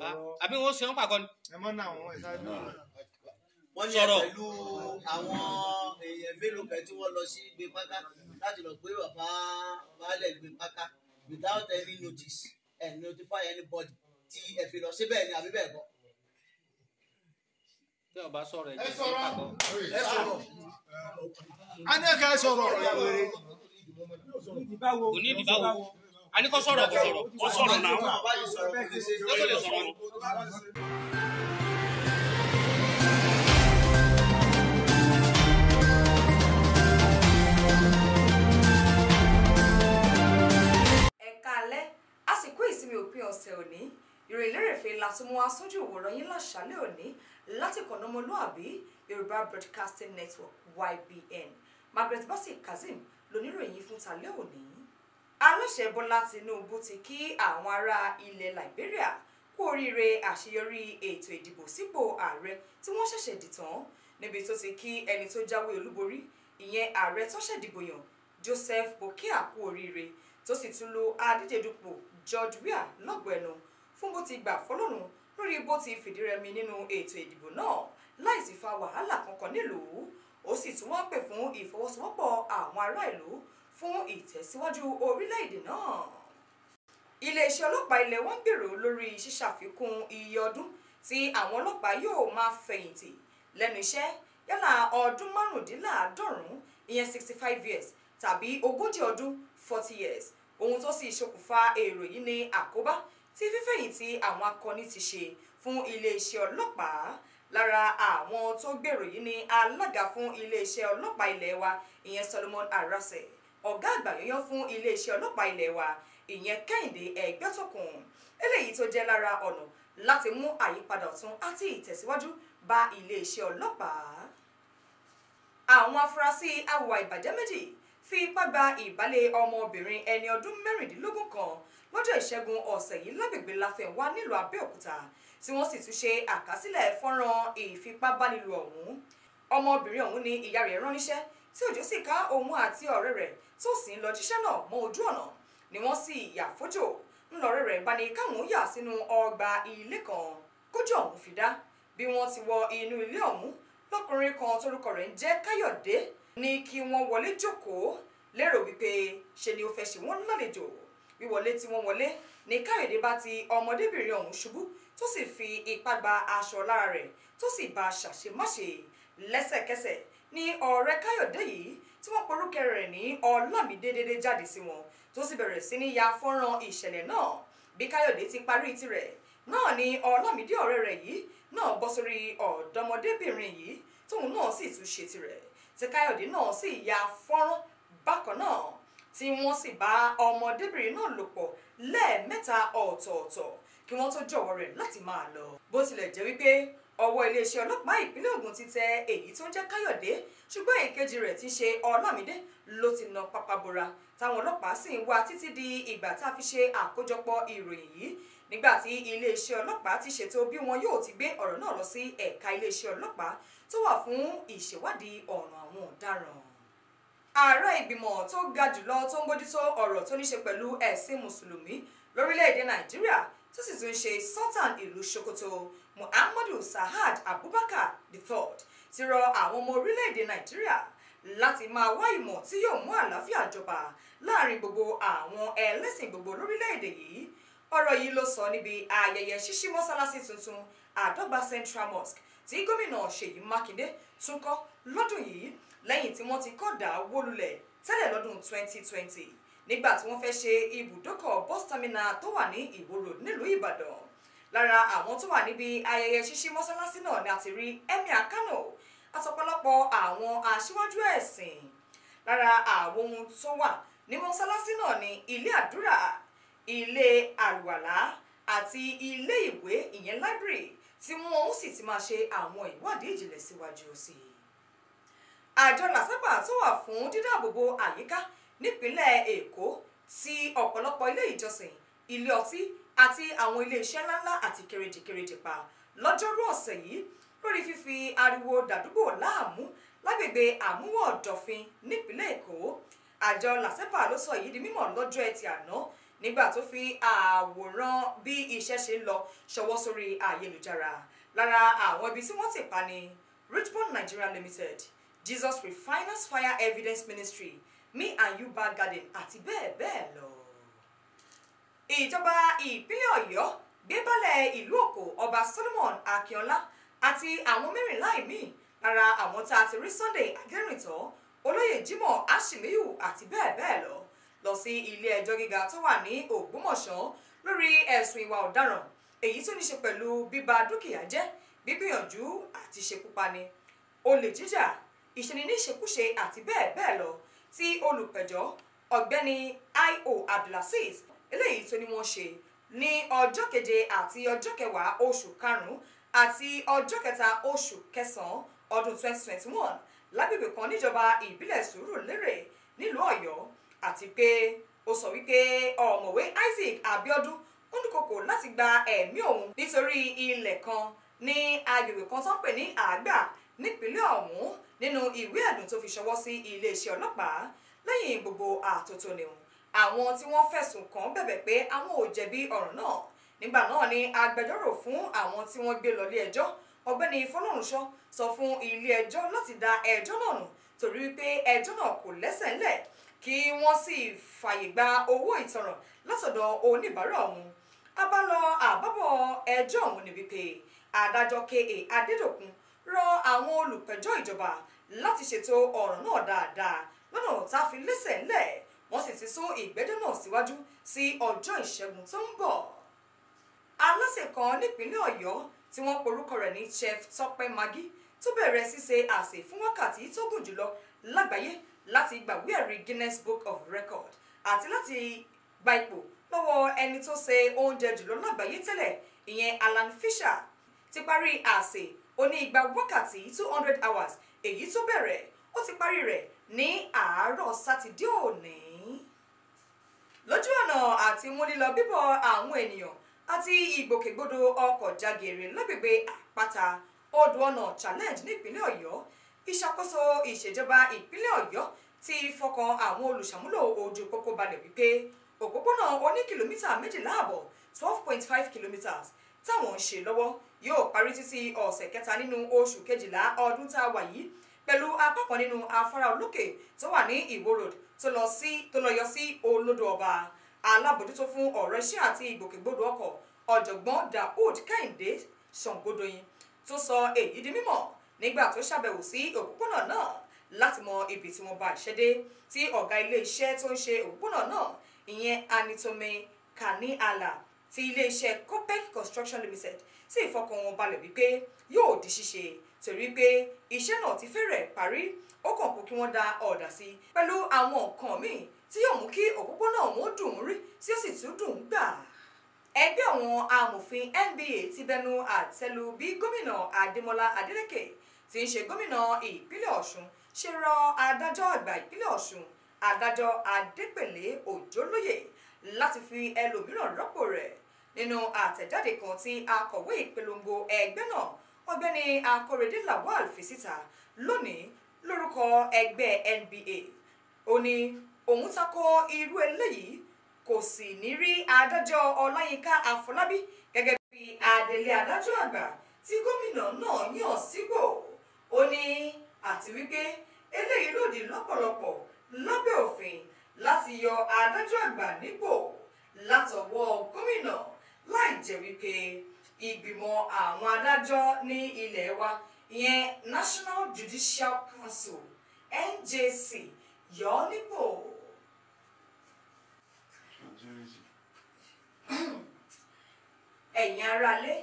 Ah, àbí wọn ó pàkọ ni. ẹ mọ náà wọn ìsáájú. wọ́n yẹ pẹ̀lú àwọn èèyàn mélòó kan tí wọ́n lọ sí gbé pátá láti lọ pé bàbá baálẹ̀ gbé pátá without any notice and notify anybody tí ẹ fi lọ síbẹ̀ ni àbí bẹ́ẹ̀ kọ́. tí ọba sọ̀rọ̀ ẹ jẹ sí pàkọ. ẹ sọ̀rọ̀ a ní ẹka ẹ sọ̀rọ̀. kò ní ìdìbò wo a ní kó sọ̀rọ̀ kó sọ̀rọ̀ kó sọ̀rọ̀ náà lọ́sọ̀ lè sọ̀rọ̀ nù. ẹ̀ka alẹ́ àsìkò ìsinmi òpin ọ̀sẹ̀ òní ìròyìn lérèfé la tún mú wá sójú yín láṣálẹ́ òní láti kànáà Yorùbá Broadcasting Network YBN Margaret Bassey Kazeem lóníròyìn fún talẹ́ òní aláṣẹ bọ́lá tinubu ti kí àwọn ará ilẹ̀ liberia kú oríire àṣeyọrí ètò ìdìbò sípò ààrẹ tí wọ́n ṣẹ̀ṣẹ̀ dìtàn níbi tó ti kí ẹni tó jáwé olúborí ìyẹn ààrẹ tó ṣẹ̀dìbò yàn joseph bokia kú oríire tó sì tún lo adíjedupò george weah lọ́gọ̀ ẹnu fún bó ti gbà fọlọ́run lórí bó ti fìdírẹmi nínú ètò ìdìbò náà láìsí fa wàhálà kankan nílùú ó sì tún wá pè fún ìfọwọ́sowọ́pọ̀ àwọn ará ìlú fún ìtẹ̀síwájú orílẹ̀-èdè náà. iléeṣẹ́ ọlọ́pàá ilẹ̀ wọn gbèrò lórí ṣíṣàfikún iye ọdún tí àwọn ọlọ́pàá yóò máa fẹ̀yìntì lẹ́nu iṣẹ́ yálà ọdún márùndínláàádọ́rùn-ún ìyẹn sixty five years tàbí ogójì ọdún forty years ohun tó sì ṣokùnfà èrò yìí ni àkóbá tí fífẹ̀yìntì àwọn akọni ti ṣe fún iléeṣẹ́ ọlọ́pàá lára àwọn tó gbèrò yìí ni alága fún iléeṣẹ́ ọlọ́pàá ilé wa ìyẹn Solomon Arase ọ̀gá àgbà yọyọ fún iléeṣẹ́ ọlọ́pàá ilé wa ìyẹn Kẹ́hìndé Ẹgbẹ́tòkun eléyìí tó jẹ́ lára ọ̀nà láti mú àyípadà ọ̀tun àti ìtẹ̀síwájú bá iléeṣẹ́ ọlọ́pàá àwọn afurasí awùwà ìbàjẹ́ méjì fi ipá gba ìbálé ọmọbìnrin ẹni ọdún mẹ́rìndínlógún kan lọ́jọ́ ìṣẹ́gun ọ̀sẹ̀ yìí lágbègbè láfẹ̀wá nílùú Abẹ́òkúta tí wọ́n sì tún ṣe àkásílẹ̀ fọ́nrán ìfipábánilò ọ̀hún ọmọbìnrin ọ̀hún ni ìyá rẹ̀ ránníṣẹ́ tí òjò sì ká òun àti ọ̀rẹ́ rẹ̀ tó sì ń lọ jíṣẹ́ náà mọ́ ojú ọ̀nà ni wọ́n sì yà fójò ńlọrẹ́ rẹ̀ bá ní káwọn yà sínú ọgbà ilé kan kójú ọ̀hún fi dá bí wọ́n ti wọ inú ilé ọ̀hún lọ́kùnrin kan torúkọ rẹ̀ ń jẹ́ Káyọ̀dé ní kí wọ́n wọlé jókòó lérò wípé ṣe ni ó fẹ́ ṣe wọ́n lálejò wíwọlé tí wọ́n wọlé ni Káyọ̀dé bá ti ọmọdébìnrin ọ̀hún ṣubú tó sì fi ipá gba aṣọ lára rẹ̀ tó sì bá a ṣàṣemáṣe lẹ́sẹ̀kẹsẹ̀ ni ọ̀rẹ́ Káyọ̀dé yìí tí wọ́n porúkẹ rẹ̀ ní ọlọ́mìdé dédé jáde sí wọn tó sì bẹ̀rẹ̀ sí ní ya fọ́nrán ìṣẹ̀lẹ̀ náà bí káyọ̀dé ti parí tirẹ̀ náà ni ọlọ́mìdé ọ̀rẹ́ rẹ̀ yìí náà bọ́ sórí ọ̀dọ́mọdébìnrin yìí tóun náà sì tún ṣe tirẹ̀ tí káyọ̀dé náà sì ya fọ́nrán bákan náà tí wọ́n sì bá ọmọdébìnrin náà lò pọ̀ lẹ́ẹ̀mẹ́ta ọ̀tọ̀ọ̀tọ̀ kí wọ́n tó jọ̀wọ́ rẹ̀ láti máa lọ bó tilẹ̀ jẹ́ wípé ọwọ́ iléeṣẹ́ ọlọ́pàá ìpínlẹ̀ Ògùn ti tẹ èyí tó ń jẹ́ Káyọ̀dé ṣùgbọ́n èkejì rẹ̀ ti ṣe Ọlámídé ló ti na pápábora táwọn ọlọ́pàá sì ń wá títí di ìgbà tá a fi ṣe àkójọpọ̀ ìròyìn yìí nígbà tí iléeṣẹ́ ọlọ́pàá ti ṣètò bí wọn yóò ti gbé ọ̀rọ̀ náà lọ sí ẹ̀ka iléeṣẹ́ ọlọ́pàá tó wà fún ìṣèwádìí ọ̀ràn àwọn ọ̀daràn ààrẹ ìgbìmọ̀ tó ga jùlọ tó ń bójútó ọ̀rọ̀ tó ní ṣe pẹ̀lú ẹ̀sìn mùsùlùmí lórílẹ̀‐èdè Nàìjíríà tó sì tún ṣe sultan ìlú Sokoto Muhammadu Sa'ad Abubakar III ti rọ àwọn ọmọ orílẹ̀-èdè Nàìjíríà láti máa wá ìmọ̀ tí yóò mú àlàáfíà jọba láàrin gbogbo àwọn ẹlẹ́sìn gbogbo lórílẹ̀-èdè yìí ọ̀rọ̀ yìí ló sọ níbi ayẹyẹ ṣíṣí mọ́sálásí tuntun àdọ́gba Central Mosque tí gómìnà Ṣèyí Mákindé tún kọ́ lọ́dún yìí lẹ́yìn tí wọ́n ti kọ́ dà á wó tẹ́lẹ̀ lọ́dún 2020 nígbà tí wọ́n fẹ́ ṣe ibùdókọ̀ bus terminal tó wà ní Ìwó Road nílùú Ìbàdàn lára àwọn tó wà níbi ayẹyẹ ṣíṣí mọ́sálásí náà ni a ti rí Emir Kano àtọ̀pọ̀lọpọ̀ àwọn aṣíwájú ẹ̀sìn lára àwọn ohun tó wà ní mọ́sálásí náà ni ilé àdúrà ilé àlùwàlá àti ilé ìwé ìyẹn library tí wọn ó sì ti máa ṣe àwọn ìwádìí ìjìnlẹ̀ síwájú sí i àjọ làsápà tó wà fún dídáàbòbò àyíká nípínlẹ̀ Èkó ti ọ̀pọ̀lọpọ̀ ilé ìjọsìn ilé ọtí àti àwọn ilé iṣẹ́ ńláńlá àti kéréje kéréje pa lọ́jọ́rú ọ̀sẹ̀ yìí lórí fífi ariwo dàdúgbò láàmú lágbègbè àmúwọ̀ ọ̀dọ̀fin nípínlẹ̀ Èkó àjọ làṣẹ́pà ló sọ èyí di mímọ̀ lọ́jọ́ ẹtì àná nígbà tó fi àwòrán bí iṣẹ́ ṣe ń lọ ṣọwọ́ sórí ayélujára lára àwọn ibi tí wọ́n ti pa ni Richmond Nigeria Limited Jesus Refiners Fire Evidence Ministry me and you back garden àti bẹ́ẹ̀ bẹ́ẹ̀ lọ. ìjọba ìpínlẹ̀ ọ̀yọ́ gbé balẹ̀ ìlú òkò ọba solomon akínọlá àti àwọn mẹ́rìnlá ìmíì lára àwọn tá a ti rí sunday adẹ́rìntàn olóyè jimoh asimiyu àti bẹ́ẹ̀ bẹ́ẹ̀ lọ lọ sí ilé ẹjọ́ gíga tó wà ní ògbómọ̀ṣọ́ lórí ẹ̀sùn ìwà ọ̀daràn èyí tó ní ṣe pẹ̀lú bíba dúkìá jẹ́ gbígbìyànjú àti ṣekúpani olè jíjà ìṣeni àti bẹ́ẹ̀ bẹ́ẹ̀ lọ tí olùpẹ̀jọ́ ọ̀gbẹ́ni io abdulaziz eléyìí tó ní wọ́n ṣe ní ọjọ́ keje àti ọjọ́ kẹwàá oṣù karùn-ún àti ọjọ́ kẹta oṣù kẹsàn-án ọdún 2021 lágbègbè kan níjọba ìbílẹ̀ Sùúrùlérè nílùú Ọ̀yọ́ àti pé ó sọ wípé ọ̀mọ̀wé Isaac Abiodun ó dúnkokò láti gba ẹ̀mí òun nítorí ilẹ̀ kan ní agbègbè kan tó ń pè ní àgbà nípínlẹ̀ ọ̀hún nínú ìwé ẹ̀dùn tó fi ṣọwọ́ sí iléeṣẹ́ ọlọ́pàá lẹ́yìn gbogbo àtótónu àwọn tí wọ́n fẹ̀sùn kàn bẹ̀bẹ̀ pé àwọn ò jẹ̀bi ọ̀ràn náà nígbà náà ni agbẹjọ́rò fún àwọn tí wọ́n gbé lọlé ẹjọ́ ọ̀gbẹ́ni fọlọ́runṣọ́ sọ fún ilé ẹjọ́ láti da ẹjọ́ náà nù torí wípé ẹjọ́ náà kò lẹ́sẹ̀ ńlẹ̀ kí wọ́n sì fàyè gba owó ìtanràn látọ̀dọ̀ oníbàárà ọ̀hún abálọ àbábọ̀ ẹjọ́ ọ̀hún ni wípé adájọ́ ka adédọ̀kun rọ àwọn olùpẹ̀jọ́ ìjọba láti ṣètò ọ̀ràn náà dáadáa lọ́nà tá a fi lẹ́sẹ̀ ńlẹ̀ wọ́n sì ti sún ìgbẹ́jọ́ náà síwájú sí ọjọ́ ìṣẹ́gun tó ń bọ̀. aláṣẹ kan nípínlẹ̀ ọ̀yọ́ tí wọ́n porúkọ rẹ̀ ní chef tọ́pẹ́ magi tó bẹ̀rẹ̀ ṣíṣe àsè fún wákàtí tó gùn jùlọ lágbàáyé láti gbàwé ẹ̀rí guinness book of record àti láti gba ipò lọ́wọ́ ẹni tó ṣe oúnjẹ jùlọ lágbàáyé tẹ́lẹ̀ ìyẹn alan fisher ti parí àsè ó igba wákàtí two hundred hours èyí tó bẹ̀rẹ̀ ó ti parí rẹ̀ ní àárọ̀ sátidé òní. lójú ọ̀nà àti mú lílọ bíbọ̀ àwọn ènìyàn àti ìgbòkègbodò ọkọ̀ jagere lágbègbè àpáta odò ọ̀nà challenge nípínlẹ̀ ọ̀yọ́ ìṣàkóso ìṣèjọba ìpínlẹ̀ ọ̀yọ́ ti fọkàn àwọn olùṣàmúlò ojú pópó balẹ̀ wípé òpópónà oní kìlómítà méjìlá àbọ̀ twelve point five kilometres táwọn ń ṣe lọ́wọ́ yóò parí títí ọ̀sẹ̀ kẹta nínú oṣù kejìlá ọdún tá a wà yìí pẹ̀lú apá kan nínú afárá olókè tó wà ní Ìwó road tó lọ sí tó lọ yọ sí olódò ọba alábòjútó fún ọ̀rọ̀ iṣẹ́ àti ìgbòkègbodò ọkọ̀ ọ̀jọ̀gbọ́n Daoud Kẹ́hìndé Ṣàngódoyin tó sọ èyí di mímọ̀ nígbà tó ṣàbẹ̀wò sí òpópónà náà láti mọ ibi tí wọ́n bá iṣẹ́ dé tí ọ̀gá ilé iṣẹ́ tó ń ṣe òpópónà náà ìyẹn Anitomi Kaniala ti iléeṣẹ́ Copec Construction Limited sì fọkàn wọn balẹ̀ wípé yóò di ṣíṣe torí pé iṣẹ́ náà ti fẹ́rẹ̀ parí ó kàn kó kí wọ́n da ọ̀dà sí pẹ̀lú àwọn nǹkan míì tí yóò mú kí òpópónà wọn dùn ún rí tí ó sì tún dùn ún gbà. ẹgbẹ́ àwọn amòfin NBA ti bẹnu àtẹ́lu bí gómìnà Adémọ́lá Adélékè ti ń ṣe gómìnà ìpínlẹ̀ Ọ̀ṣun ṣe rọ adájọ́ àgbà ìpínlẹ̀ Ọ̀ṣun adájọ́ Adépèlé Òjólóyè láti fi ẹlòmíràn rọ́pò rẹ̀ nínú àtẹ̀jáde kan tí akọ̀wé ìpolongo ẹgbẹ́ náà ọ̀gbẹ́ni akọrẹdé lawal fi síta lónìí lórúkọ ẹgbẹ́ NBA ó ní òun takò irú eléyìí kò sì ní rí adájọ́ ọláyínká àfọlábí gẹ́gẹ́ bí adelé adájọ́ àgbà tí gómìnà náà yàn sípò ó ní àti wípé eléyìí lòdì lọ́pọ̀lọpọ̀ lábẹ́ òfin láti yọ adájọ́ àgbà nípò látọwọ́ gómìnà láì jẹ́ wípé ìgbìmọ̀ àwọn adájọ́ ní ilẹ̀ wa ìyẹn National Judicial Council NJC yọ ọ́ nípò. ẹ̀yin aráalé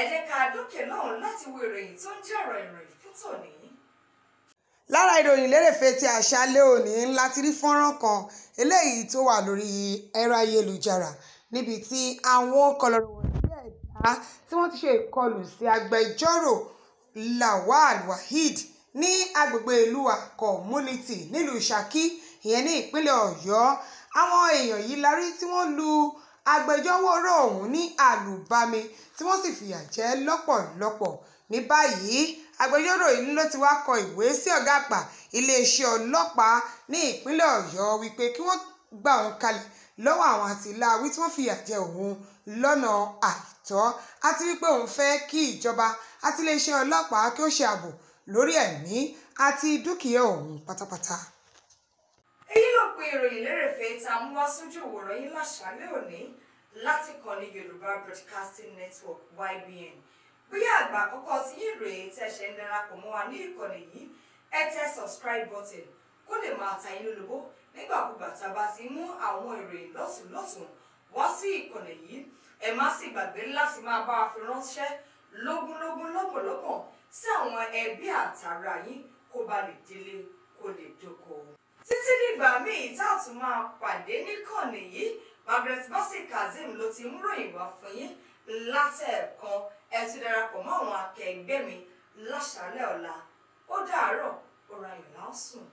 ẹ jẹ́ ká dókè náà láti wo ìròyìn tó ń jẹ́ ọ̀rọ̀ ìròyìn fún tòní lára ìròyìn lérèfé tí àṣálẹ́ òní ńlá ti rí fọ́nrán kan eléyìí tó wà lórí ẹ̀rọ ayélujára níbi tí àwọn kọlọ̀rọ̀wọ̀ sí ẹ̀dá tí wọ́n ti ṣe ìkọlù sí agbẹjọ́rò Lawal Waheed ní agbègbè ìlú àkọ́múnítì nílùú Ṣakí ìyẹn ní ìpínlẹ̀ Ọ̀yọ́ àwọn èèyàn yìí la rí tí wọ́n lu agbẹjọ́rò ọ̀hún ní àlùbami tí wọ́n sì fìyà jẹ lọ́pọ̀lọpọ̀ ní báyìí agbẹjọ́rò yìí ló ti wá kọ ìwé sí ọ̀gá àgbà iléeṣẹ́ ọlọ́pàá ní ìpínlẹ̀ ọ̀yọ́ wípé kí wọ́n gbà òun kalẹ̀ lọ́wọ́ àwọn àtìláwí tí wọ́n fìyà jẹ òun lọ́nà àìtọ́ àti wípé òun fẹ́ kí ìjọba àti iléeṣẹ́ ọlọ́pàá kí ó ṣe ààbò lórí ẹ̀mí àti dúkìá òun pátápátá. èyí ló pe ìròyìn lérèfé tá a mú wá sójú òwòrán yín láṣálẹ́ òní láti kàn ní Yorùbá Broadcasting Network YBN bóyá àgbà àkọ́kọ́ tí yín rèé tẹ́ ṣe ń darapọ̀ mọ́ wa ní ìkànnì yìí ẹ tẹ subscribe button kó lè máa ta yín lólobó nígbàkúgbà tá a bá ti mú àwọn ìròyìn lọ́tùnlọ́tùn wá sí ìkànnì yìí ẹ má sì gbàgbé láti máa bá a fi ránṣẹ́ lógúnlógún lọ́pọ̀lọpọ̀ sí àwọn ẹbí àtàrà yín kó ba lè délé kó lè dóko. títí dìgbà míì tá a tún máa pàdé níkànnì yìí Margaret Bassey Kazeem ló ti ń ròyìn wá fún yín látẹ̀ẹ̀kan ẹ ti darapọ̀ mọ́ àwọn akẹgbẹ́ mi láṣàálẹ̀ ọ̀la ó dàárọ̀ ọ̀rọ̀ ayọ̀ lásùn.